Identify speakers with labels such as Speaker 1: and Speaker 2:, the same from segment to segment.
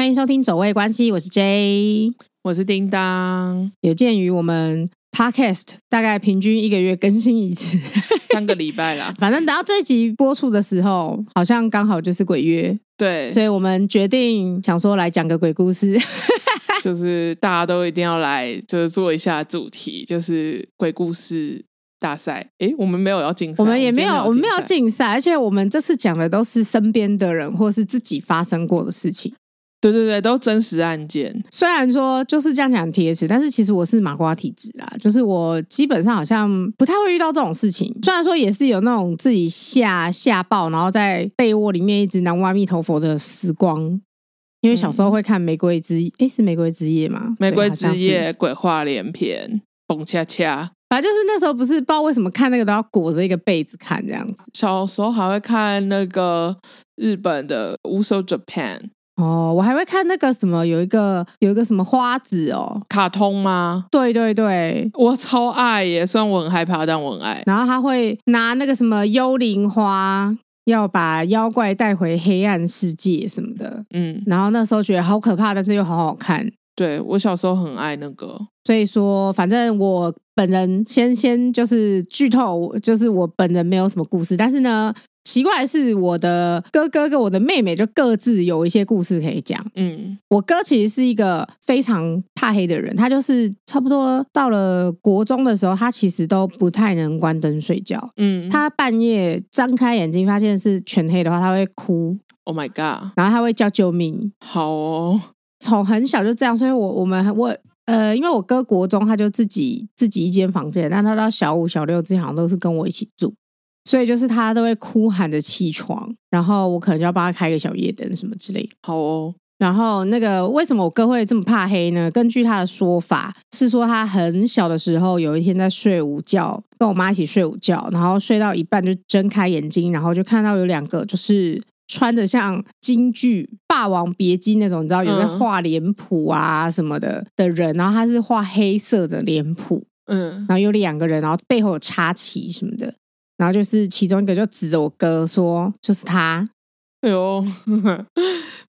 Speaker 1: 歡迎收聽《走味關係》，我是 J，我是叮當。有鑑於我們 Podcast 大概平均一個月更新一次，
Speaker 2: 三個禮拜啦。
Speaker 1: 反正等到這集播出的時候，好像剛好就是鬼月，對，所以我們決定想說來講個鬼故事，
Speaker 2: 就是大家都一定要來，就是做一下主題，就是鬼故事大賽。哎，我們沒有要競賽，我們也沒有,我沒有，我們沒有
Speaker 1: 競賽，而且我們這次講的都是身邊的人或是自己發生過的事情。對對對，都真實案件。雖然說就是這樣講貼紙，但是其實我是麻瓜體質啦，就是我基本上好像不太會遇到這種事情。雖然說也是有那種自己嚇嚇爆，然後在被窩裡面一直南無阿彌陀佛的時光。因為小時候會看《玫瑰之夜》，哎，是《玫瑰之夜》嗎？《玫瑰之夜》
Speaker 2: 鬼話連篇，蹦恰恰。
Speaker 1: 反、啊、正就是那時候不是不知道為什麼看那個都要裹着一個被子看這樣子。小時候還會看那個
Speaker 2: 日本的《無手 Japan》。
Speaker 1: 哦，我還會看那個什麼，有一個有一個什麼花子哦，卡通嗎？對對對，我
Speaker 2: 超愛耶，雖然我很害怕，但我很愛。
Speaker 1: 然後他會拿那個什麼幽靈花，要把妖怪帶回黑暗世界什麼的。嗯，然後那時候覺得好可怕，但是又好好看。對，我小
Speaker 2: 時候很愛那個，
Speaker 1: 所以說，反正我本人先先就是劇透，就是我本人沒有什麼故事，但是呢。奇怪的是，我的哥哥跟我的妹妹就各自有一些故事可以講。嗯，我哥其實是一個非常怕黑的人，他就是差不多到了國中的時候，他其實都不太能關燈睡覺。嗯，他半夜張開眼睛發現是全黑的話，他會哭。Oh my god！然後他會叫救命。好哦，從很小就這樣，所以我我們我呃，因為我哥國中他就自己自己一間房間，但他到小五小六之前都是跟我一起住。所以就是他都會哭喊着起床，然後我可能就要幫他開個小夜燈什麼之類。好哦。然後那個為什麼我哥會這麼怕黑呢？根據他的說法是說他很小的時候有一天在睡午覺，跟我媽一起睡午覺，然後睡到一半就睜開眼睛，然後就看到有兩個就是穿着像京劇《霸王別姬》那種，你知道有些畫臉譜啊什麼的的人，嗯，然後他是畫黑色的臉譜，嗯，然後有兩個人，然後背後有插旗什麼的。然後就是其中一個就指着我哥說：“就是他，哎呦，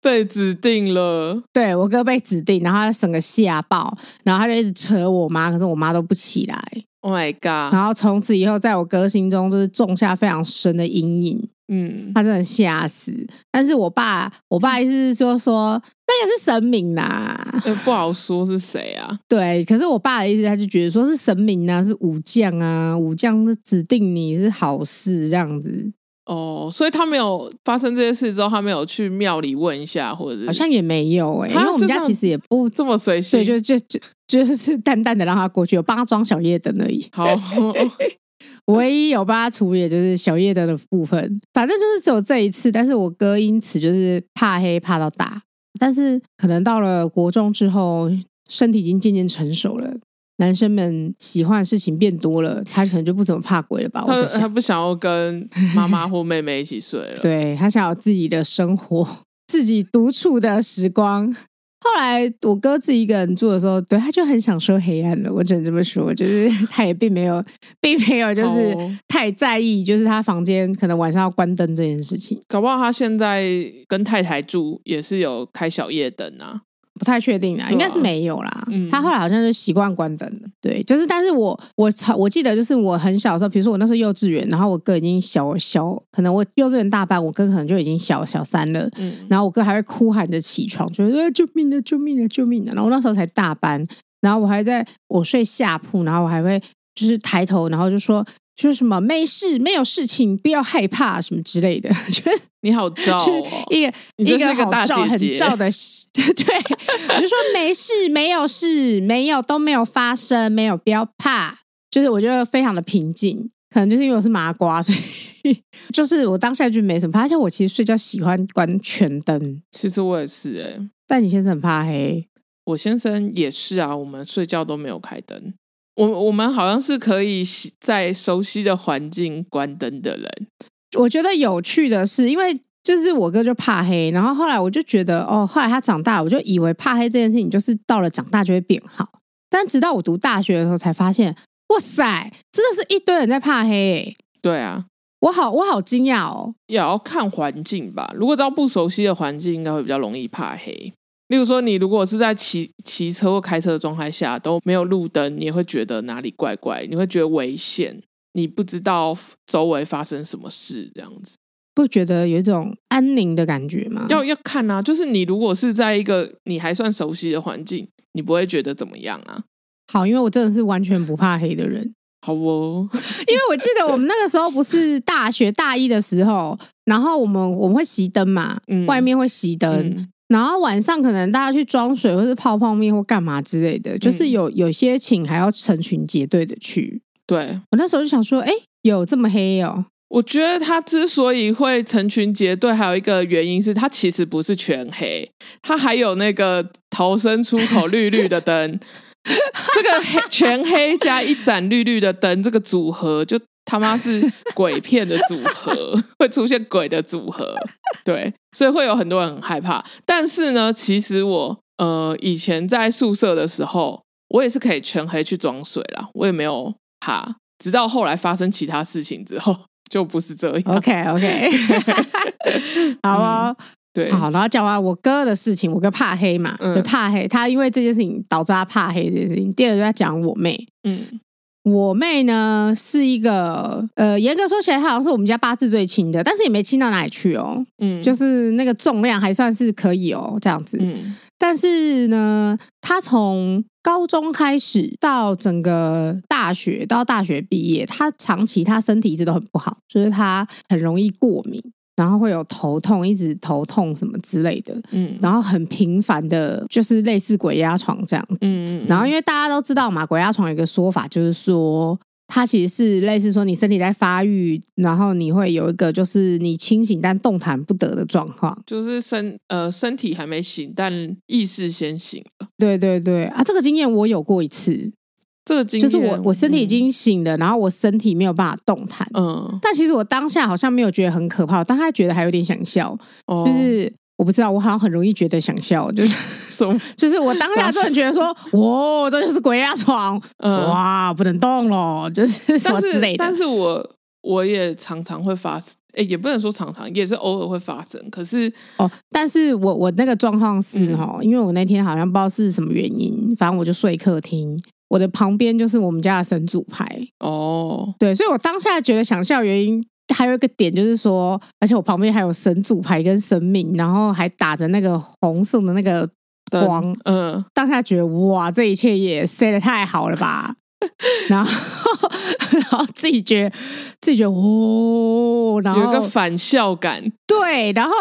Speaker 1: 被指定了。對”對我哥被指定，然後他整個嚇爆，然後他就一直扯我媽，可是我媽都不起來。
Speaker 2: Oh my god！然
Speaker 1: 後從此以後，在我哥心中就是種下非常深的陰影。嗯，他真的嚇死。但是我爸，我爸意思是說說。那個是神明啦，欸、
Speaker 2: 不好說是誰啊。
Speaker 1: 對，可是我爸的意思，他就覺得說是神明啊，是武將啊，武將是指定你是好事這樣子
Speaker 2: 哦。所以他沒有發生這些事之後，他沒有去廟裡問一下，或者是好像
Speaker 1: 也沒有哎、欸，因為我們家其實也不這麼隨性，對，就就就就是淡淡的讓他過去，我幫他裝小夜燈而已。好， 我唯一有幫他處理的就是小夜燈的部分，反正就是只有這一次。但是我哥因此就是怕黑怕到大。但是可能到了國中之後，身體已經漸漸成熟了，男生們喜歡的事情變多了，他可能就不怎麼怕鬼了吧？他他
Speaker 2: 不想要跟媽媽或妹妹一起睡了， 對，
Speaker 1: 他想要自己的生活，自己獨處的時光。後來我哥自己一個人住的時候，對，他就很享受黑暗了。我只能這麼說，就是他也並沒有，並沒有就是太在意，就是他房間可能晚上要關燈這件事情。搞不好他現
Speaker 2: 在跟太太住也是有開小夜燈啊？
Speaker 1: 不太確定啊，應該是沒有啦、啊。他後來好像就習慣關燈了、嗯。對，就是，但是我我我記得，就是我很小的時候，比如說我那時候幼稚園，然後我哥已經小小，可能我幼稚園大班，我哥可能就已經小小三了、嗯。然後我哥還會哭喊着起床，就說：“救命了、啊，救命了、啊，救命了、啊！”然後我那時候才大班，然後我還在我睡下鋪，然後我還會就是抬頭，然後就說。說什麼沒事，沒有事情，不要害怕，什麼之類的。就得、是、你好照、哦， 一個一個很照的事，對。我 就說沒事，沒有事，沒有，都沒有發生，沒有，不要怕。就是我覺得非常的平靜，可能就是因為我是麻瓜，所以 就是我當下就沒什麼怕。而且我其實睡覺喜歡關全燈。
Speaker 2: 其實我也是、欸、
Speaker 1: 但你先生很怕黑，我先生
Speaker 2: 也是啊，我們睡覺都沒有開燈。我我們好像是可以在熟悉的環境關燈的人。
Speaker 1: 我覺得有趣的是，因為就是我哥就怕黑，然後後來我就覺得哦，後來他長大了，我就以為怕黑這件事情就是到了長大就會變好。但直到我讀大學的時候才發現，哇塞，真的是一堆人在怕黑欸。對啊，我好我好驚訝哦。
Speaker 2: 也要看環境吧，如果到不熟悉的環境，應該會比較容易怕黑。
Speaker 1: 例如說，你如果是在騎
Speaker 2: 騎車或開車的狀態下都沒有路燈，你也會覺得哪裡怪怪，你會覺得危險，你不知道周圍發生什麼事，這樣子
Speaker 1: 不覺得有一種安寧的感覺嗎？
Speaker 2: 要要看啊，就是你如果是在一個你還算熟悉的環境，你不會覺得怎麼樣啊？
Speaker 1: 好，因為我真的是完全不怕黑的人。
Speaker 2: 好哦，
Speaker 1: 因為我記得我們那個時候不是大學大一的時候，然後我們我們會熄燈嘛，嗯，外面會熄燈。嗯然後晚上可能大家去裝水，或是泡泡麵或幹嘛之類的，嗯、就是有有些寢，還要成群結隊的去。對，我那時候就想說，哎，有這麼黑哦？我
Speaker 2: 覺得他之所以會成群結隊，還有一個原因是他其實不是全黑，他還有那個逃生出口綠綠的燈。 這個黑全黑加一盞綠綠的燈，這個組合就。他媽是鬼片的組合， 會出現鬼的組合，對，所以會有很多人很害怕。但是呢，其實我呃以前在宿舍的時候，我也是可以全黑去裝水啦。我也沒有怕。直到後來發生其他事情之後，就不是這樣。OK OK，
Speaker 1: 好啊、哦，對、嗯，好，然後講完我哥的事情，我哥怕黑嘛，嗯、怕黑。他因為這件事情導致他怕黑這件事情。第二個就要講我妹，嗯。我妹呢是一個呃，嚴格說起來，她好像是我們家八字最輕的，但是也沒輕到哪裡去哦。嗯，就是那個重量還算是可以哦，這樣子。嗯，但是呢，她從高中開始到整個大學到大學畢業，她長期她身體一直都很不好，就是她很容易過敏。然後會有頭痛，一直頭痛什麼之類的，嗯，然後很頻繁的，就是類似鬼壓床這樣，嗯，嗯，嗯，然後因為大家都知道嘛，鬼壓床有一個說法就是說，它其實是類似說你身體在發育，然後你會有一個就是你清醒但動彈不得的狀況，
Speaker 2: 就是身呃身體還沒醒，但意識先醒。
Speaker 1: 對對對，啊，這個經驗我有過一次。這個、就是我，我身體已經醒了，嗯，然後我身體沒有辦法動彈，嗯，但其實我當下好像沒有覺得很可怕，但還覺得還有點想笑，哦、就是我不知道，我好像很容易覺得想笑，就是什麼就是我當下突然覺得說哇，哇，這就是鬼壓床，嗯，哇，不能動了，就是但是，但是
Speaker 2: 我我也常常會發生，也不能說常常，也是偶爾會發生。可
Speaker 1: 是哦，但是我我那個狀況是、嗯、因為我那天好像不知道是什麼原因，反正我就睡客廳。我的旁邊就是我們家的神主牌哦、oh.，對，所以我當下覺得想笑的原因還有一個點，就是說，而且我旁邊還有神主牌跟神明，然後還打着那個紅色的那個光，嗯，當下覺得哇，這一切也 set 的太好了吧。 然後，然後自己覺得自己覺得哦，然後有一個反笑感，對，然後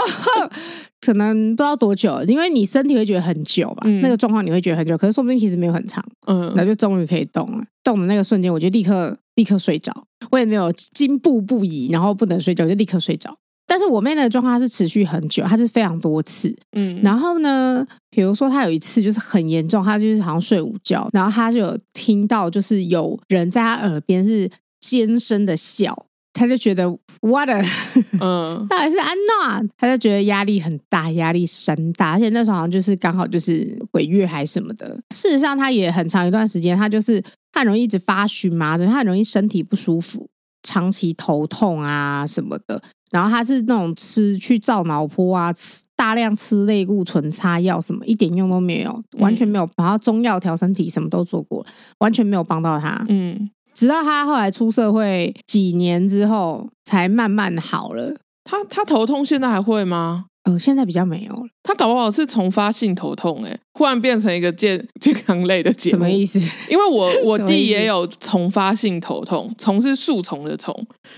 Speaker 1: 可能不知道多久，因為你身體會覺得很久吧、嗯，那個狀況你會覺得很久，可是說不定其實沒有很長，嗯，然後就終於可以動了，動的那個瞬間，我就立刻立刻睡着，我也沒有驚怖不已，然後不能睡覺我就立刻睡着。但是我妹的狀況是持續很久，她是非常多次。嗯，然後呢，比如說她有一次就是很嚴重，她就是好像睡午覺，然後她就有聽到就是有人在她耳邊是尖聲的笑，她就覺得我的，What a... 嗯，到底是安娜，她就覺得壓力很大，壓力山大，而且那時候好像就是剛好就是鬼月還什麼的。事實上，她也很長一段時間，她就是她很容易一直發蕁麻疹，就是她很容易身體不舒服，長期頭痛啊什麼的。然後他是那種吃去照腦波啊，吃大量吃類固醇擦藥什麼，一點用都沒有，完全沒有。嗯、然後中藥調身體什麼都做過，完全沒有幫到他。嗯，直到他後來出社會幾年之後，才慢慢好了。他他頭痛現在還會嗎？哦、嗯，現在比較沒有了。
Speaker 2: 他搞不好是叢發性頭痛、欸，哎，忽然變成一個健健康類的節目，什麼意思？因為我我弟也有叢發性頭痛，叢 是樹叢的叢。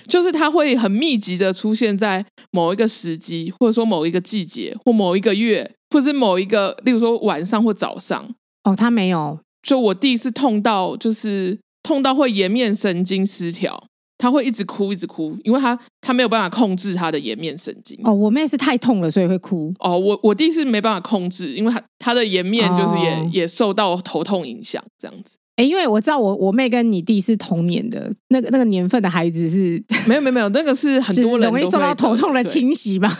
Speaker 2: 就是他會很密集的出現在某一個時機，或者說某一個季節，或某一個月，或者是某一個，例如說晚上或早上。哦，他沒有。就我弟是痛到，就是痛到會顏面神經失調。他會一直哭，一直哭，因為他他沒有辦法控制他的顏面神經。
Speaker 1: 哦，我妹是太痛了，所以會哭。
Speaker 2: 哦，我我弟是沒辦法控制，因為他他的顏面就是也、哦、也受到頭痛影響，這樣子。
Speaker 1: 哎，因為我知道我我妹跟你弟是同年的，那個那個年份的孩子是沒有沒有沒有，那個是很多人會、就是、容易受到頭痛的侵襲吧。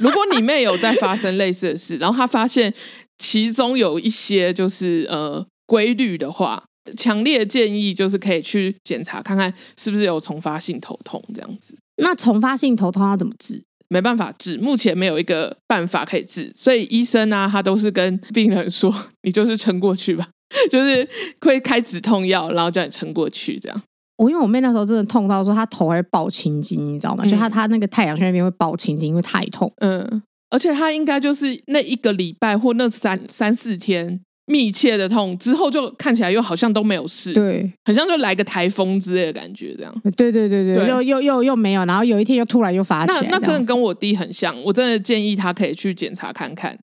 Speaker 2: 如果你妹有在發生類似的事， 然後他發現其中有一些就是呃規律的話。強烈的建議就是可以去檢查看看是不是有叢發性頭痛這樣子。那叢發
Speaker 1: 性頭痛要怎麼治？沒辦法
Speaker 2: 治，目前沒有一個辦法可以治。所以醫生啊，他都是跟病人說：“你就是撐過去吧，就是會開止痛藥，然後叫你撐過去。”這樣。
Speaker 1: 我、哦、因為我妹那時候真的痛到說，她頭還會爆青筋，你知道嗎？就她、嗯、她那個太陽穴那邊會爆青筋，因為太痛。
Speaker 2: 嗯，而且她應該就是那一個禮拜或那三三四天。密切的痛之後就看起來又好像都沒有事，對，好像就來個台風之類的感覺這樣。
Speaker 1: 對對對對，對又又又又沒有，然後有一天又突然又發現。那那真的跟
Speaker 2: 我弟很像，我真的建議他可以去檢查看看。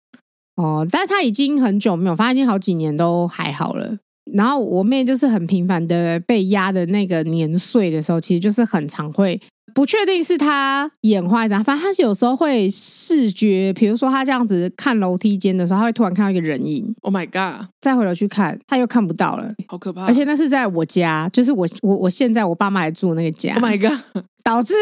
Speaker 1: 哦，但他已經很久沒有發，已經好幾年都還好了。然後我妹就是很頻繁的被壓的那個年歲的時候，其實就是很常會。不確定是他眼花呀，反正他有時候會視覺，比如說他這樣子看樓梯間的時候，他會突然看到一個人影。Oh my god！再回頭去看，他又看不到了，好可怕啊！而且那是在我家，就是我我我現在我爸媽還住那個家。Oh my god！
Speaker 2: 導致，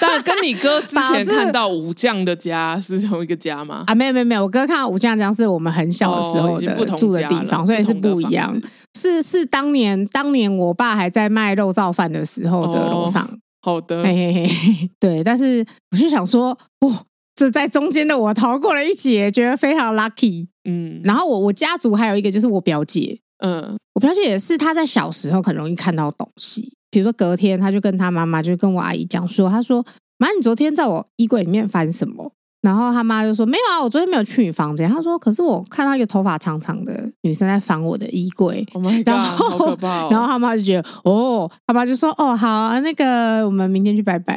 Speaker 2: 導致跟你哥之前看到武將的家是同一個家嗎？
Speaker 1: 啊，沒有沒有沒有，我哥看到武將家是我們很小的時候的住的地方，哦、所以是不一樣。是是當年當年我爸還在賣肉燥飯的時候的樓上。哦
Speaker 2: 好的，
Speaker 1: 嘿嘿嘿，對，但是我就想說，哇，這在中間的我逃過了一劫，覺得非常 lucky，嗯。然後我我家族還有一個就是我表姐，嗯，我表姐也是，她在小時候很容易看到東西，比如說隔天，她就跟她媽媽就跟我阿姨講說，她說，媽，你昨天在我衣櫃裡面翻什麼？然後她媽就說沒有啊，我昨天沒有去你房間。她說，可是我看到一個頭髮長長的。女生在翻我的衣櫃，oh my God, 然後、哦、然後他媽就覺得，哦，他媽就說，哦，好那個我們明天去拜拜、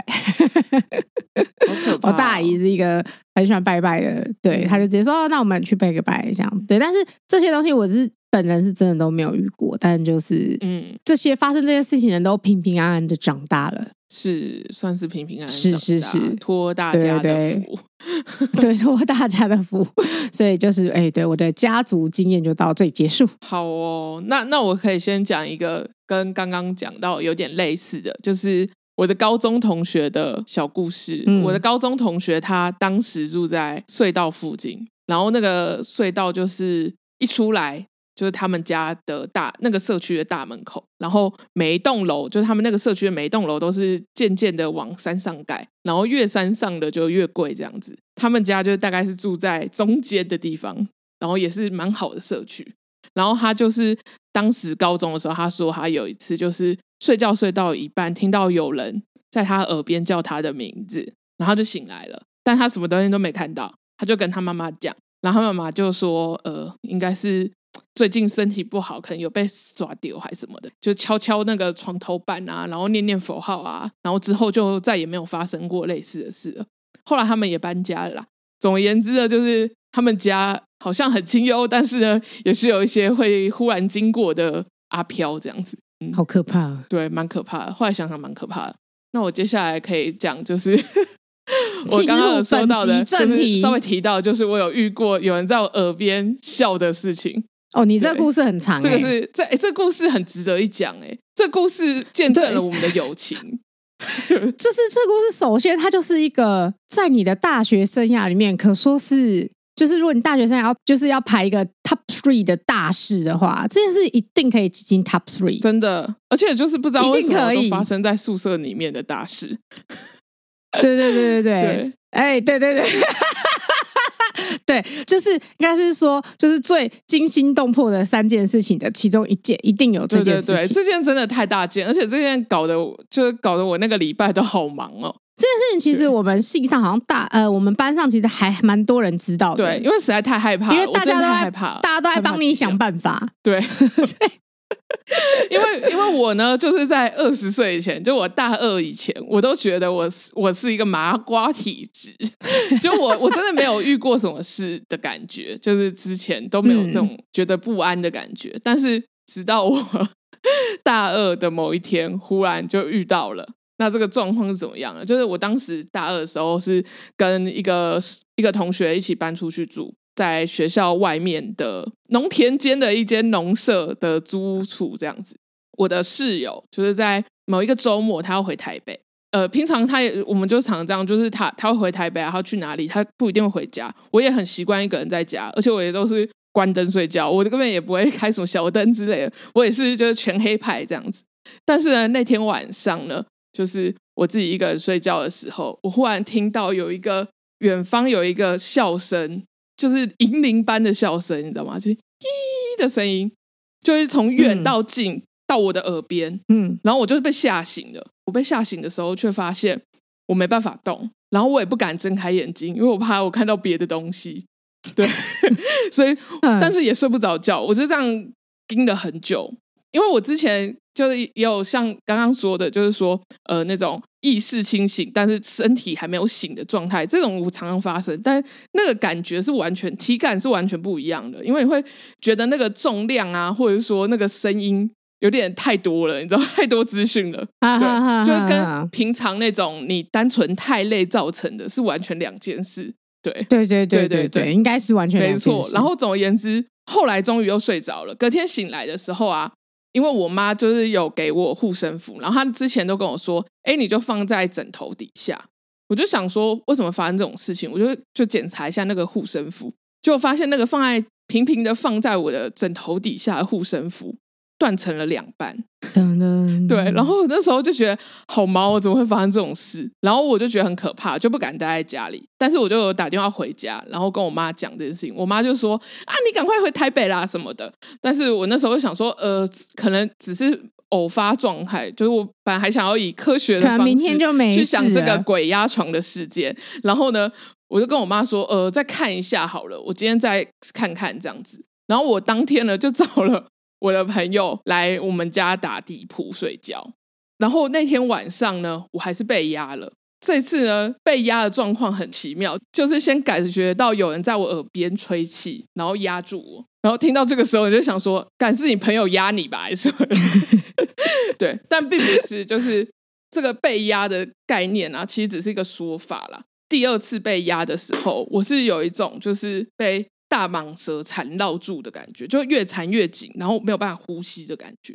Speaker 1: 哦。我大姨是一個很喜歡拜拜的，對，他就直接說，哦、那我們去拜個拜，這樣。對，但是這些東西我是本人是真的都沒有遇過，但就是，嗯，這些發生這些事情的人都平平安安的長大了。
Speaker 2: 是，算是平平安安啊，是是是，托大家的福，對，對，
Speaker 1: 對，托大家的福，所以就是，哎，對，我的家族經驗就到這裡結束。
Speaker 2: 好哦，那那我可以先講一個跟剛剛講到有點類似的，就是我的高中同學的小故事。嗯。我的高中同學他當時住在隧道附近，然後那個隧道就是一出來，就是他們家的大那個社區的大門口，然後每一棟樓就是他們那個社區的每一棟樓都是漸漸的往山上蓋，然後越山上的就越貴這樣子。他們家就大概是住在中間的地方，然後也是蠻好的社區。然後他就是當時高中的時候，他說他有一次就是睡覺睡到一半，聽到有人在他耳邊叫他的名字，然後就醒來了，但他什麼東西都沒看到，他就跟他媽媽講，然後他媽媽就說：“呃，應該是。”最近身體不好，可能有被耍丟還是什麼的，就敲敲那個床頭板啊，然後念念佛號啊，然後之後就再也沒有發生過類似的事了。後來他們也搬家了啦。總而言之呢，就是他們家好像很清幽，但是呢，也是有一些會忽然經過的阿飄這樣子，嗯、好可怕、啊，對，蠻可怕的。後來想想蠻可怕的。那我接下來可以講，就是
Speaker 1: 我剛剛說到的，就是、稍微提
Speaker 2: 到，就是我有遇過有人在我耳邊笑的事情。
Speaker 1: 哦，你這故事很長，欸，這個是
Speaker 2: 這、欸、這故事很值得一講誒、欸，這故事見證了我們的友情。
Speaker 1: 就是這故事，首先它就是一個在你的大學生涯裡面，可說是就是如果你大學生涯就是要排一個 top three 的大事的話，這件、個、事一定可以擠進 top three。真的，而
Speaker 2: 且就是不知道為什麼都發生在宿舍裡面的大事。 對對對對對，
Speaker 1: 哎、欸，對對對。 對，就是應該是說，就是最驚心動魄的三件事情的其中一件，一定有這件事情。對，對，對，這
Speaker 2: 件真的太大件，而且這件搞得就是搞得我那個禮拜都好忙哦。
Speaker 1: 這件事情其實我們系上好像大，呃，我們班上其實還蠻多人知道的。對，因為實在太害怕，因為大家都在害怕，大家都在幫你想辦法。對。
Speaker 2: 因為，因為我呢，就是在二十歲以前，就我大二以前，我都覺得我是我是一個麻瓜體質，就我我真的沒有遇過什麼事的感覺，就是之前都沒有這種覺得不安的感覺。嗯、但是，直到我大二的某一天，忽然就遇到了。那這個狀況是怎麼樣呢？就是我當時大二的時候，是跟一個一個同學一起搬出去住，在學校外面的農田間的一間農舍的租處，這樣子。我的室友就是在某一個週末，他要回台北。呃，平常他也，我們就常常這樣，就是他他會回台北啊，他去哪裡，他不一定會回家。我也很習慣一個人在家，而且我也都是關燈睡覺，我根本也不會開什麼小燈之類的。我也是就是全黑派這樣子。但是呢，那天晚上呢，就是我自己一個人睡覺的時候，我忽然聽到有一個遠方有一個笑聲。就是銀鈴般的笑聲，你知道嗎？就是“咦”的聲音，就是從遠到近、嗯、到我的耳邊，嗯，然後我就是被嚇醒的。我被嚇醒的時候，卻發現我沒辦法動，然後我也不敢睜開眼睛，因為我怕我看到別的東西。對， 所以、嗯、但是也睡不着覺，我就這樣盯了很久。因為我之前就是也有像剛剛說的，就是說呃，那種意識清醒，但是身體還沒有醒的狀態，這種常常發生。但那個感覺是完全體感是完全不一樣的，因為你會覺得那個重量啊，或者說那個聲音有點太多了，你知道，太多資訊了，對，哈哈哈哈，就跟平常那種你單純太累造成的是完全兩件事，對，
Speaker 1: 對對對對對對，對對對應該是完全沒錯。然後
Speaker 2: 總而言之，後來終於又睡着了，隔天醒來的時候啊。因為我媽就是有給我護身符，然後她之前都跟我說：“哎，你就放在枕頭底下。”我就想說，為什麼發生這種事情？我就就檢查一下那個護身符，結果發現那個放在平平的放在我的枕頭底下的護身符，斷成了兩半、嗯嗯，對。然後那時候就覺得好毛，怎麼會發生這種事？然後我就覺得很可怕，就不敢待在家裡。但是我就有打電話回家，然後跟我媽講這件事情。我媽就說：“啊，你趕快回台北啦，什麼的。”但是我那時候就想說，呃，可能只是偶、呃呃、發狀態，就是我本來還想要以科學的方式去想這個鬼壓床的事件。然後呢，我就跟我媽說：“呃，再看一下好了，我今天再看看，這樣子。”然後我當天呢就走了。我的朋友來我們家打地鋪睡覺，然後那天晚上呢，我還是被壓了。這次呢，被壓的狀況很奇妙，就是先感覺到有人在我耳邊吹氣，然後壓住我，然後聽到這個時候，我就想說，敢是你朋友壓你吧，還是 對，但並不是，就是這個被壓的概念啊，其實只是一個說法啦。第二次被壓的時候，我是有一種就是被。大蟒蛇纏繞住的感覺，就越纏越緊，然後沒有辦法呼吸的感覺，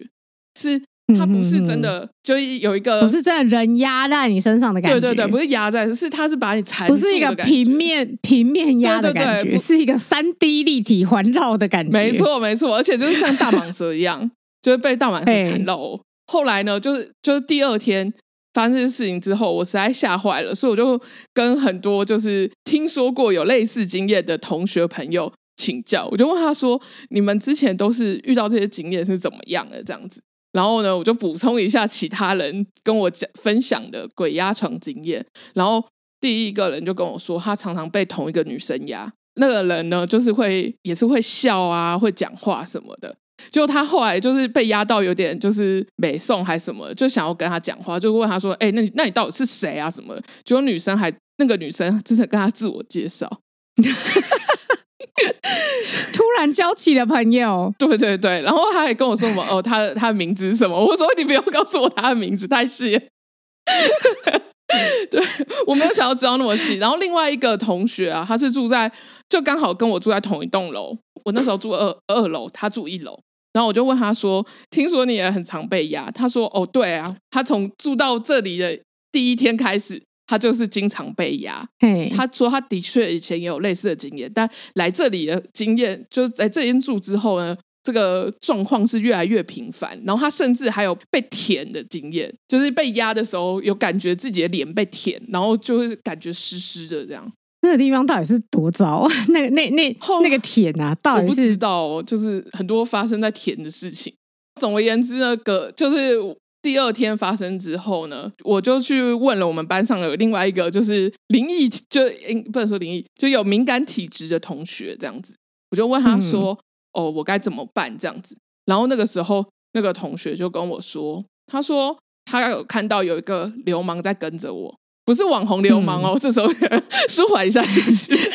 Speaker 2: 是
Speaker 1: 它不是真
Speaker 2: 的，嗯、就是有一個不是真
Speaker 1: 的人壓在你身上的感覺，對對對，不是壓在，是它是把你纏，不是一個平面平面壓的感覺，對對對是一個三 D 立體環繞的感覺，沒錯沒錯，而且就是像大蟒蛇
Speaker 2: 一樣， 就會被大蟒蛇纏繞。後來呢，就是就是第二天。發生這些事情之後，我實在嚇壞了，所以我就跟很多就是聽說過有類似經驗的同學朋友請教。我就問他說：“你們之前都是遇到這些經驗是怎麼樣的？”這樣子，然後呢，我就補充一下其他人跟我講分享的鬼壓床經驗。然後第一個人就跟我說，他常常被同一個女生壓。那個人呢，就是會，也是會笑啊，會講話什麼的。就他後來就是被壓到有點就是沒送還什麼，就想要跟他講話，就問他說：“哎、欸，那你那你到底是誰啊？什麼的？”結果女生還那個女生真的跟他自我介紹， 突然交起了朋友。對對對，然後他還跟我說什麼：“哦，他他的名字是什麼？”我說：“你不要告訴我他的名字，太細了。 對”對我沒有想要知道那麼細。然後另外一個同學啊，他是住在就剛好跟我住在同一棟樓，我那時候住二二樓，他住一樓。然後我就問他說：“聽說你也很常被壓。”他說：“哦，對啊，他從住到這裡的第一天開始，他就是經常被壓。他說他的確以前也有類似的經驗，但來這裡的經驗，就是在這邊住之後呢，這個狀況是越來越頻繁。然後他甚至還有被舔的經驗，就是被壓的時候有感覺自己的臉被舔，然後就是感覺濕濕的這樣。”
Speaker 1: 那個地方到底是多糟？那個、那那後那個田啊，oh, 到底是我不知
Speaker 2: 道哦，就是很多發生在田的事情。總而言之，那個就是第二天發生之後呢，我就去問了我們班上的另外一個就，就是靈異，就、欸、不能說靈異，就有敏感體質的同學這樣子。我就問他說：“嗯、哦，我該怎麼辦？”這樣子。然後那個時候，那個同學就跟我說：“他說他有看到有一個流氓在跟着我。”不是網紅流氓哦，嗯、這時候 舒緩一下情、就、緒、是，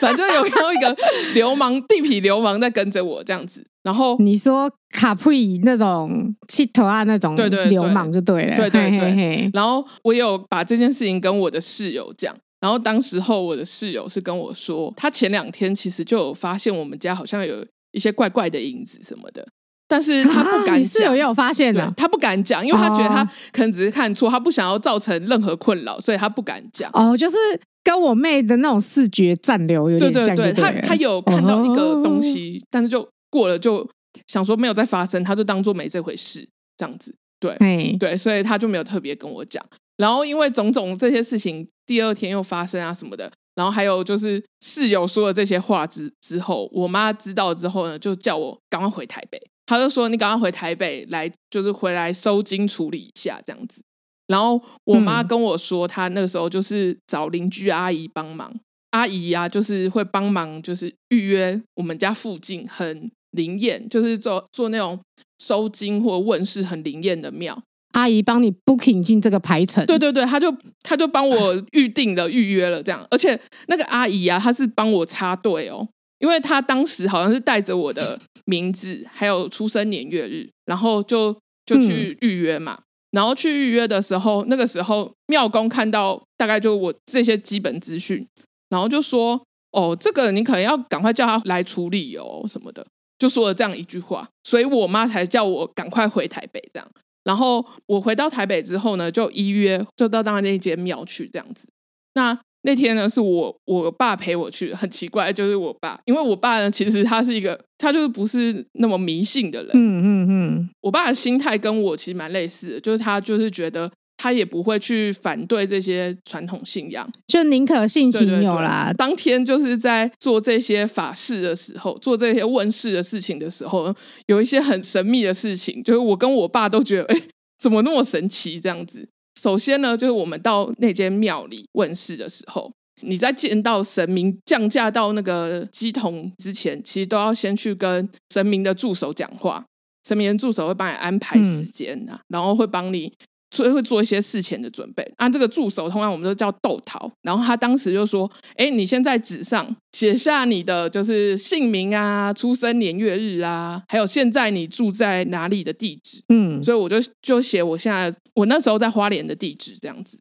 Speaker 2: 反 正有有一個流氓 地痞流氓在跟着我這樣子。
Speaker 1: 然後你說卡普伊那種剃頭啊那種，對對，對流氓就對了。對對對，對嘿嘿嘿。然
Speaker 2: 後我有把這件事情跟我的室友講，然後當時候我的室友是跟我說，他前兩天其實就有發現我們家好像有一些怪怪的影子什麼的。但是他不敢講，啊、你室友也有發現的啊。他不敢講，因為他覺得他可能只是看錯，他不想要造成任何困擾，所以他不敢講。哦，就是
Speaker 1: 跟我妹的那種視覺暫留有點像對。對對對，他他有看到一個東西，
Speaker 2: 哦、但是就過了，就想說沒有再發生，他就當做沒這回事這樣子。
Speaker 1: 對，
Speaker 2: 對，所以他就沒有特別跟我講。然後因為種種這些事情，第二天又發生啊什麼的。然後還有就是室友說了這些話之之後，我媽知道之後呢，就叫我趕快回台北。他就說：“你趕快回台北來，就是回來收驚處理一下這樣子。”然後我媽跟我說，她那個時候就是找鄰居阿姨幫忙。阿姨呀，就是會幫忙，就是預約我們家附近很靈驗，就是做做那種收驚或問事很靈驗的廟。
Speaker 1: 阿姨幫你 Booking 進這個排程。對
Speaker 2: 對對，他就他就幫我預定了預約了這樣，而且那個阿姨啊，她是幫我插隊哦。因為他當時好像是帶着我的名字， 還有出生年月日，然後就就去預約嘛。然後去預約的時候，那個時候廟公看到大概就我這些基本資訊，然後就說：“哦，這個你可能要趕快叫他來處理哦，什麼的。”就說了這樣一句話，所以我媽才叫我趕快回台北這樣。然後我回到台北之後呢，就依約就到當時那間廟去這樣子。那那天呢，是我我爸陪我去的，很奇怪，就是我爸，因為我爸呢，其實他是一個，他就是不是那麼迷信的人，嗯嗯嗯，我爸的心態跟我其實蠻類似的，就是他就是覺得他也不會去反對這些傳統信仰，
Speaker 1: 就寧可信其有啦對對對。當天就是
Speaker 2: 在做這些法事的時候，做這些問事的事情的時候，有一些很神秘的事情，就是我跟我爸都覺得，哎，怎麼那麼神奇這樣子。首先呢，就是我們到那間廟裡問事的時候，你在見到神明降駕到那個乩童之前，其實都要先去跟神明的助手講話，神明的助手會幫你安排時間啊，嗯、然後會幫你。所以會做一些事前的準備。啊，這個助手通常我們都叫豆桃，然後他當時就說：“哎，你先在紙上寫下你的就是姓名啊、出生年月日啊，還有現在你住在哪裡的地址。”嗯，所以我就就寫我現在我那時候在花蓮的地址這樣子。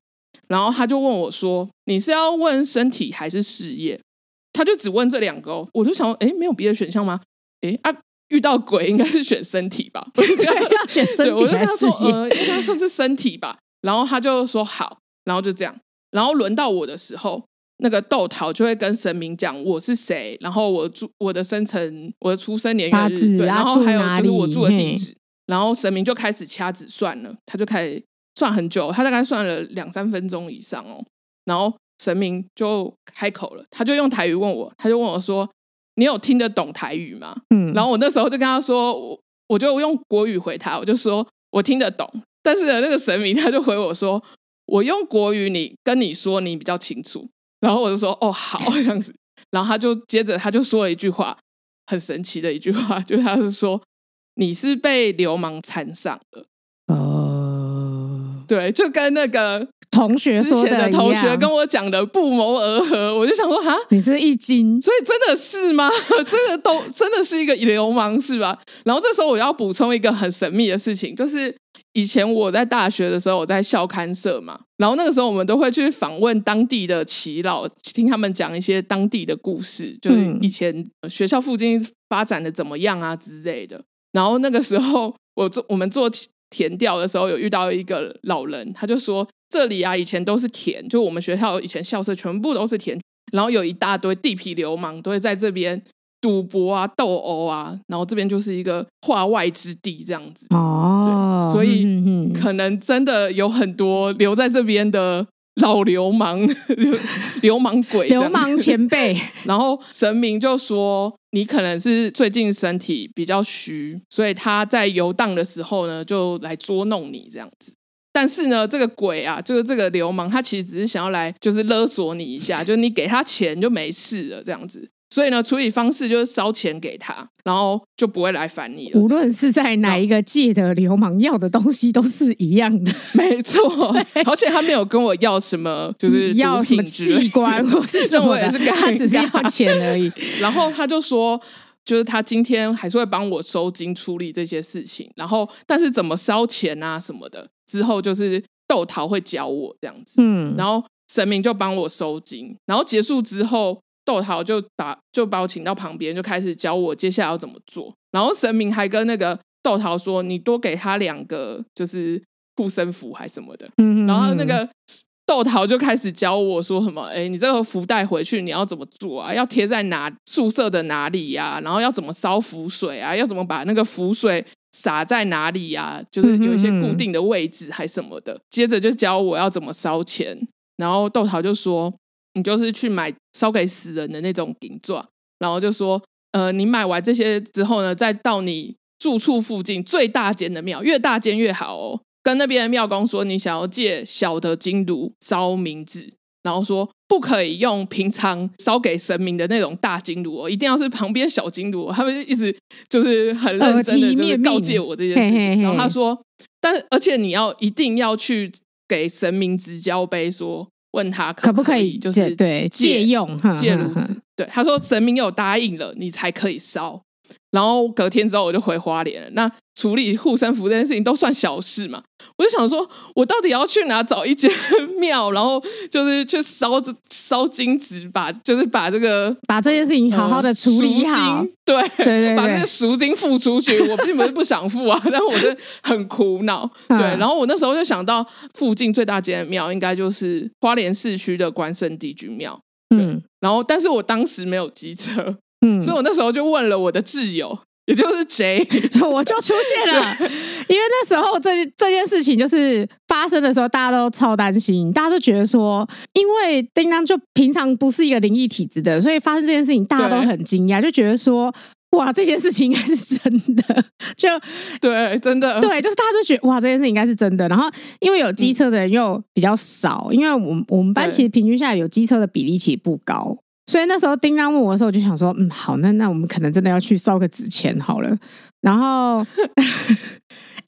Speaker 2: 然後他就問我說：“你是要問身體還是事業？”他就只問這兩個哦。我就想說，哎，沒有別的選項嗎？哎，啊。遇到鬼應該是選身體吧，要 選身體。我就跟他說，呃，應該算是身體吧，然後他就說好，然後就這樣，然後輪到我的時候，那個豆桃就會跟神明講我是誰，然後我住我的生辰，我的出生年月日，然後還有就是我住的地址，然後神明就開始掐指算了，他就開始算很久，他大概算了兩三分鐘以上哦、喔，然後神明就開口了，他就用台語問我，他就問我說。你有聽得懂台語嗎？嗯，然後我那時候就跟他說，我我就用國語回他，我就說我聽得懂，但是呢，那個神明他就回我說，我用國語你跟你說你比較清楚，然後我就說哦，好，這樣子，然後他就接着他就說了一句話，很神奇的一句話，就是他是說你是被流氓纏上的，哦，對，就跟那個。
Speaker 1: 同學說的，之前的同學跟
Speaker 2: 我講的不謀而合，我就想說啊，你是一驚，所以真的是嗎？這 個都真的是一個流氓是吧？然後這時候我要補充一個很神秘的事情，就是以前我在大學的時候，我在校刊社嘛，然後那個時候我們都會去訪問當地的耆老，聽他們講一些當地的故事，就是以前學校附近發展的怎麼樣啊之類的。嗯、然後那個時候我做我們做田調的時候，有遇到一個老人，他就說。這裡啊，以前都是田，就我們學校以前校舍全部都是田，然後有一大堆地痞流氓都會在這邊賭博啊、鬥毆啊，然後這邊就是一個化外之地這樣子
Speaker 1: 哦、啊，所以
Speaker 2: 可能真的有很多留在這邊的老流氓、流氓鬼、流氓前輩。然後神明就說，你可能是最近身體比較虛，所以他在遊蕩的時候呢，就來捉弄你這樣子。但是呢，這個鬼啊，就是這個流氓，他其實只是想要來就是勒索你一下，就是你給他錢就沒事了這樣子。所以呢，處理方式就是燒錢給他，然後就不會來煩你了。無
Speaker 1: 論是在哪一個界的流氓要的東西都是一樣的，嗯、沒錯。而且他沒
Speaker 2: 有跟我要什麼，就是要什麼器官，或是什麼，就是跟他,他只是要錢而已。 然後他就說，就是他今天還是會幫我收驚處理這些事情，然後但是怎麼燒錢啊什麼的。之後就是豆桃會教我這樣子，嗯，然後神明就幫我收驚，然後結束之後，豆桃就把就把我請到旁邊，就開始教我接下來要怎麼做。然後神明還跟那個豆桃說：“你多給他兩個，就是護身符還是什麼的。”然後那個豆桃就開始教我說：“什麼？哎，你這個符帶回去你要怎麼做啊？要貼在哪，宿舍的哪裡呀、啊？然後要怎麼燒符水啊？要怎麼把那個符水？”撒在哪裡呀、啊？就是有一些固定的位置還什麼的。嗯嗯，接着就教我要怎麼燒錢，然後豆桃就說：“你就是去買燒給死人的那種頂座。”然後就說：“呃，你買完這些之後呢，再到你住處附近最大間的廟，越大間越好哦。跟那邊的廟公說你想要借小的金爐燒冥紙。”然後說。不可以用平常燒給神明的那種大金爐，哦，一定要是旁邊小金爐，哦。他們一直就是很認真的告誡我這件事情。然後他說，但而且你要一定要去給神明擲筊杯說，說問他可
Speaker 1: 不可以，就是可可對，對借用借爐
Speaker 2: 子。對，他說神明有答應了，你才可以燒。然後隔天之後我就回花蓮，那處理護身符這件事情都算小事嘛，我就想說，我到底要去哪找一間廟，然後就是去燒燒金紙，把就是把這個
Speaker 1: 把這件事情好好的處理好，對對，對對對，把這個贖金付出去。我並不是不
Speaker 2: 想付啊， 但我是我很苦惱。對、啊，然後我那時候就想到附近最大間的廟應該就是花蓮市區的關聖帝君廟。嗯，然後但是我當時沒有機車。嗯，所以我那時候就問了我的摯友，也就是 J， 就我就出
Speaker 1: 現了，因為那時候這這件事情就是發生的時候，大家都超擔心，大家都覺得說，因為叮當就平常不是一個靈異體質的，所以發生這件事情大家都很驚訝，就覺得說，哇，這件事情應該是真的，就
Speaker 2: 對，真的，對，就是大
Speaker 1: 家都覺得哇，這件事情應該是真的，然後因為有機車的人又比較少，嗯、因為我們我們班其實平均下來有機車的比例其實不高。所以那時候丁剛問我的時候，我就想說，嗯，好，那那我們可能真的要去燒個紙錢好了。然後，哎、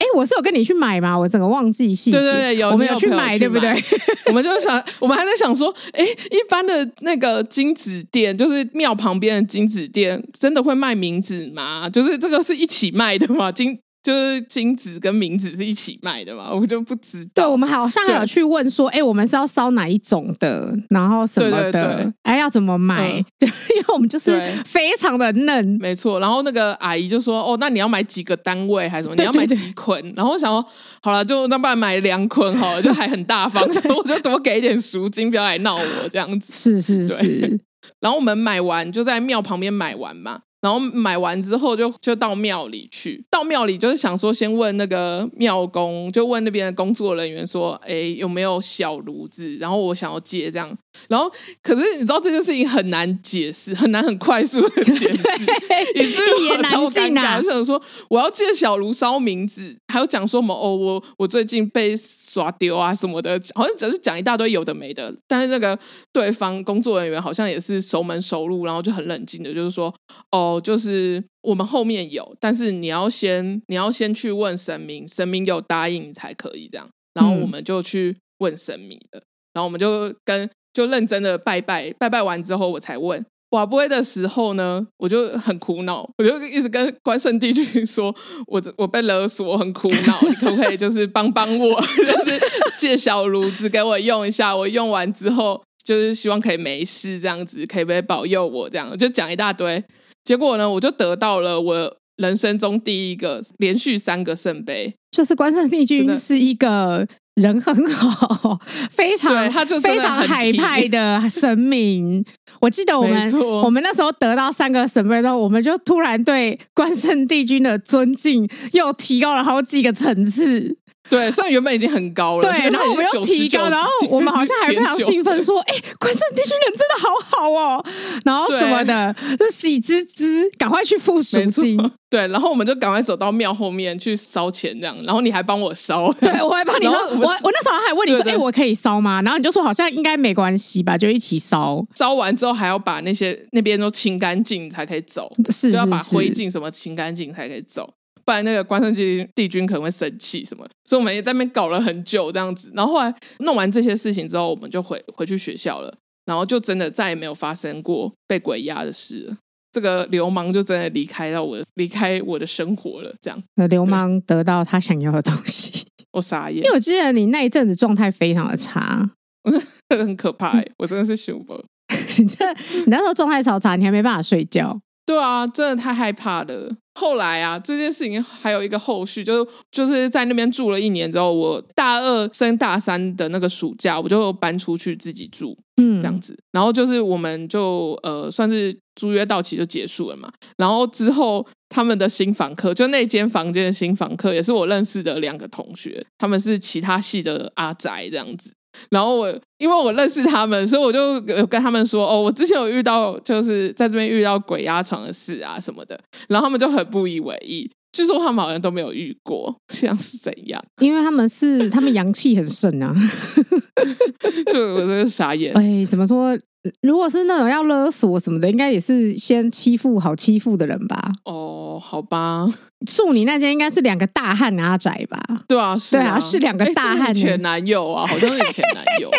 Speaker 1: 欸，我是有跟你去買嗎？我整個忘記細節。對對對，有，我們有去買，去買對不對？
Speaker 2: 我們就想，我們還在想說，哎、欸，
Speaker 1: 一般的那個金紙店，就是
Speaker 2: 廟旁邊的金紙店，真的會賣冥
Speaker 1: 紙嗎？
Speaker 2: 就是這個是一起賣的嗎？金。就是金紙跟冥紙是一起賣的嘛，我就不知
Speaker 1: 道。對，我們好像還有去問說，哎、欸，我們是要燒哪一種的，然後什麼的，哎、欸，要怎麼買？嗯、 因為我們
Speaker 2: 就是非常的嫩，沒錯。然後那個阿姨就說，哦，那你要買幾個單位還是什麼？你要買幾捆？然後我想說，好了，就那不然買兩捆好了，就還很大方， 所以我就多給一點贖金，不要來鬧我這樣子。是是是。然後我們買完就在廟旁邊買完嘛。然後買完之後就，就就到廟裡去。到廟裡就是想說，先問那個廟公，就問那邊的工作人員說：“欸，有沒有小爐子？然後我想要借這樣。”然後，可是你知道這件事情很難解釋，很難很快速的解釋，也是一言難盡啊！我就想說，我要借小盧燒名字，還有講說什麼哦，我我最近被耍丟啊什麼的，好像只是講一大堆有的沒的。但是那個對方工作人員好像也是熟門熟路，然後就很冷靜的，就是說哦，就是我們後面有，但是你要先你要先去問神明，神明有答應才可以這樣。然後我們就去問神明的、嗯，然後我們就跟。就認真的拜拜，拜拜完之後，我才問瓦杯的時候呢，我就很苦惱，我就一直跟關聖帝君說，我我被勒索，很苦惱，你可不可以就是幫幫我， 就是借小爐子給我用一下，我用完之後就是希望可以沒事，這樣子可以不可以保佑我，這樣就講一大堆，結果呢，我就得到了我人生中第一個連續三個聖杯。
Speaker 1: 就是關聖帝君是一個人很好，非常非常海派的神明。我記得我們我們那時候得到三個神位之後，我們就突然對關聖帝君的尊敬又提高了好幾個層次。對，雖然原本已經很高了，對，然後我們又提高，然後我們好像還非常興奮，說：“哎、 欸，關聖帝君人真的好好哦、喔。”然後什麼的，就喜滋滋，趕快去付贖金。
Speaker 2: 對，然後我們就趕快走到廟後面去燒錢，這樣。然後你還幫我燒，對我還幫你燒，我我那時候還問你說：“哎、欸，我
Speaker 1: 可以燒嗎？”然後你就說：“好像應該沒關係吧？”就一起燒。燒完之後還要把那些那邊
Speaker 2: 都清乾淨才可以走，是，是，是就要把灰燼什麼清乾淨才可以走。不然那個關聖帝帝君可能會生氣什麼，所以我們也在那邊搞了很久這樣子。然後後來弄完這些事情之後，我們就回回去學校了。然後就真的再也沒有發生過被鬼壓的事了。這個流氓就真的離開了我，離開我的生活了。這樣，
Speaker 1: 那流氓得到他想要的東西，我傻眼。因為我記得你那一陣子狀態非常的差，
Speaker 2: 很可怕哎、欸，我真的是熊貓。
Speaker 1: 你這，你那時候狀態超差，你還沒辦法睡覺。
Speaker 2: 對啊，真的太害怕了。後來啊，這件事情還有一個後續，就是就是在那邊住了一年之後，我大二升大三的那個暑假，我就搬出去自己住，嗯，這樣子、嗯。然後就是我們就呃，算是租約到期就結束了嘛。然後之後他們的新房客，就那間房間的新房客，也是我認識的兩個同學，他們是其他系的阿宅這樣子。然後我，因為我認識他們，所以我就有跟他們說哦，我之前有遇到，就是在這邊遇到鬼壓床的事啊什麼的。然後他們就很不以為意，據說他們好像都沒有
Speaker 1: 遇過，像是怎樣？因為他們是，他們陽氣很盛啊。
Speaker 2: 就我真的傻眼、
Speaker 1: 欸。哎，怎麼說？如果是那種要勒索什麼的，應該也是先欺負好欺負的人吧？哦，好吧。送你那間應該是兩個大漢阿宅吧？對啊，是啊，對啊，是兩個大漢、欸、是前男
Speaker 2: 友啊，好像是前男友。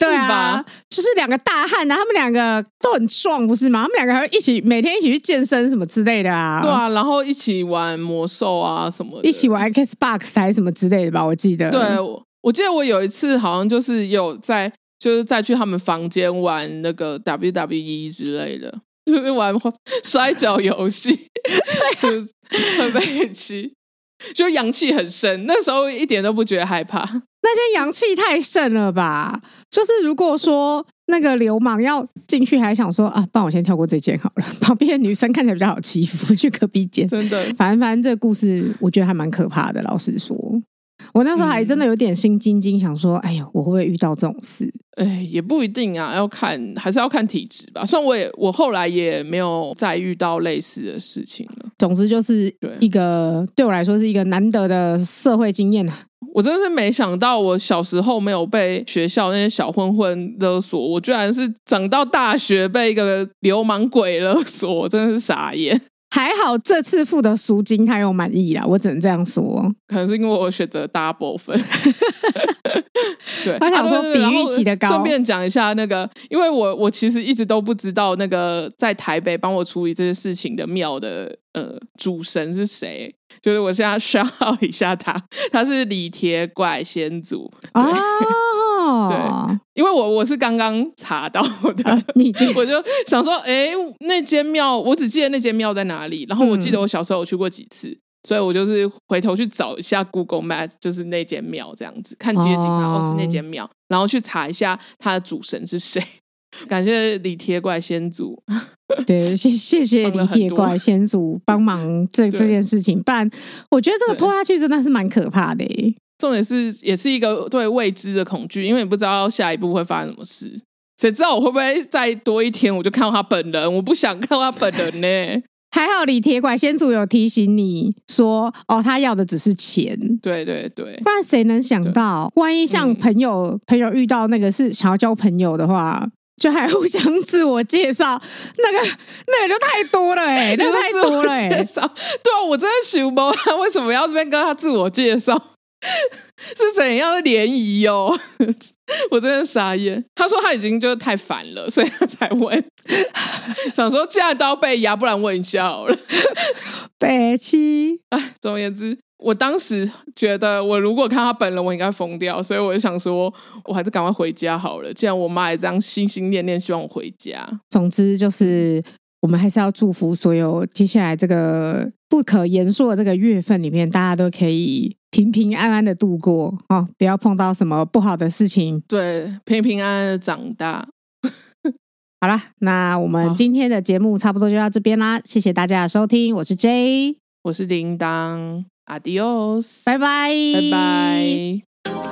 Speaker 1: 對 吧？就是兩個大漢啊，他們兩個都很壯，不是嗎？他們兩個還會一起每天一起去健身什麼之類的啊。對啊，然後一起玩魔獸啊什麼的，一起玩 Xbox 還是什麼之類的吧？我記得對、啊。
Speaker 2: 我記得我有一次好像就是有在，就是在去他們房間玩那個 WWE 之類的，就是玩摔角遊戲， 對，很被欺，就陽氣很深。那時候一點都不覺得害怕，
Speaker 1: 那些陽氣太盛了吧？就是如果說那個流氓要進去，還想說啊，幫我先跳過這間好了，旁邊的女生看起來比較好欺負，去隔壁間。真的，反正反正這個故事我覺得還蠻可怕的，老實說。我那時候還真的有點心驚驚，想說，嗯，“哎呦，我會不會遇到這種事？”
Speaker 2: 哎，也不一定啊，要看，還是要看體質吧。算我也，我後來也沒有再遇到類似的事情
Speaker 1: 了。總之，就是一個對，對我來說是一個難得的社會經驗啊，我
Speaker 2: 真的是沒想到，我小時候沒有被學校那些小混混勒索，我居然是長到大學被一個流氓鬼勒索，我真的是傻眼。
Speaker 1: 還好這次付的贖金，他又滿意了，我只能這樣說。可
Speaker 2: 能是因為我選擇大部分， 對。 我想說，比預期的高。順便講一下那個，因為我我其實一直都不知道那個在台北幫我處理這些事情的廟的呃主神是誰，就是我現在 shout out 一下他，他是李鐵拐先祖。啊。哦哦，對，因為我我是剛剛查到的，啊、你，你 我就想說，哎，那間廟，我只記得那間廟在哪裡，然後我記得我小時候有去過幾次，嗯、所以我就是回頭去找一下 Google Maps，就是那間廟這樣子看街景，哦，是那間廟、哦，然後去查一下它的主神是誰。感謝李鐵怪先祖，
Speaker 1: 對，謝謝李鐵怪先祖幫忙這 這件事情，但我覺得這個拖下去真的是蠻可怕的。
Speaker 2: 重點是，也是一個對未知的恐懼，因為你不知道下一步會發生什麼事。誰知道我會不會再多一天，我就看到他本人？我不想看他本人呢、欸。
Speaker 1: 還好李鐵拐先祖有提醒你說：“哦，他要的只是錢。”對對對，不然誰能想到，萬一像朋友、嗯、朋友遇到那個是想要交朋友的話，就還互相自我介紹，那個那個就太多了哎、欸 欸，那個太多了哎、欸。那個、介紹、欸，對啊，我真的想不到他，
Speaker 2: 為什麼要這邊跟他自我介紹。 是怎樣的聯誼喲？ 我真的傻眼。他說他已經就是太煩了，所以他才問。 想說嫁到被壓，不然問一下好了。
Speaker 1: 白 癡！哎，
Speaker 2: 總而言之，我當時覺得，我如果看他本人，我應該瘋掉。所以我就想說，我還是趕快回家好了。既然我媽也這樣心心念念，希望我回家。
Speaker 1: 總之就是，我們還是要祝福所有接下來這個不可言說的這個月份裡面，大家都可以。平平安安的度過啊、哦，不要碰到什麼不好的事情。
Speaker 2: 對，平平安安的長大。
Speaker 1: 好了，那我們今天的節目差不多就到這邊啦，謝謝大家的收聽，我是 J，
Speaker 2: 我是叮當，Adios，拜拜，拜拜。拜拜。